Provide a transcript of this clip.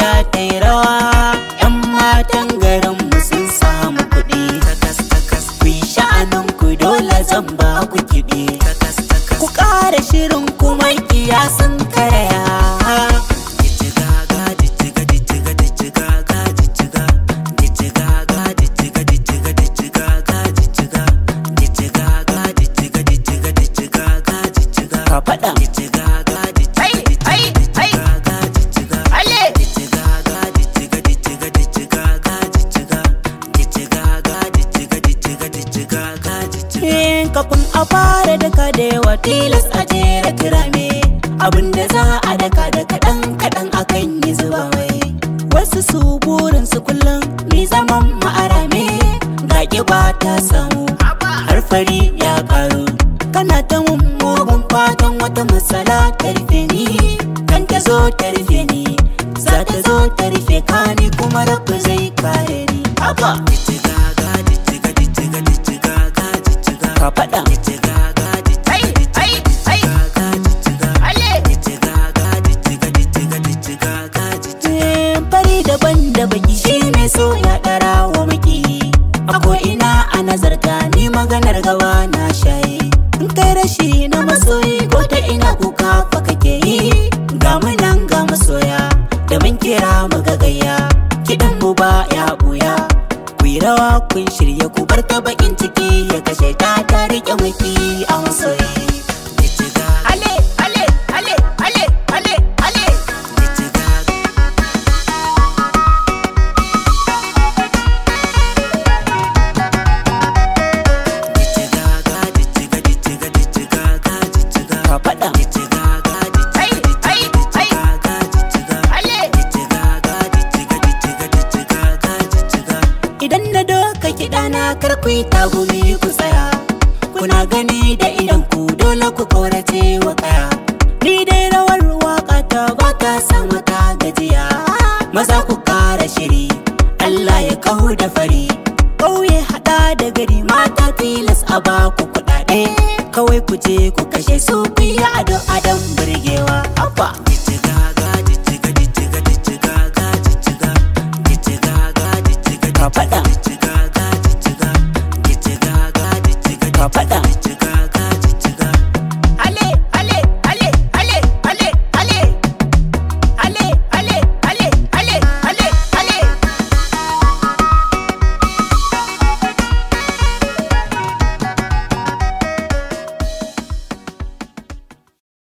da ta rawa 'yan matan garinmu kafin a fara daka da yawa tilas a jera me abinda za a daka da kaɗan kaɗan kan yi zuba mai wasu su burin su kullum ni zaman ma'arame ga ba ta samu har fari ya karu kana ta mummugan fatan wata matsala ta rufe ni kan ta zo ta rufe ni za ta zo ta rufe ka ni kuma rabu zai kare ni yi na masoyi ko ta ina kuka fa kake yi ga mu nan ga masoya da mun kira mu ga gayya kidan mu ba ya buya ku yi rawa kun shirya ku bar ta bakin ciki ya kashe ta ta rike wiki a masoyi na doka kiɗa na karkwai gumi ku tsaya kuna gani da idan ku dole ku korace wa kaya ni dai rawar waka ta ba ta sama ta gajiya maza ku kara shiri Allah ya kawo da fari ƙauye haɗa da gari mata tilas a ba ku kuɗaɗe kawai ku je ku kashe su ku yi ado adam burgewa abba jijjiga ka faɗa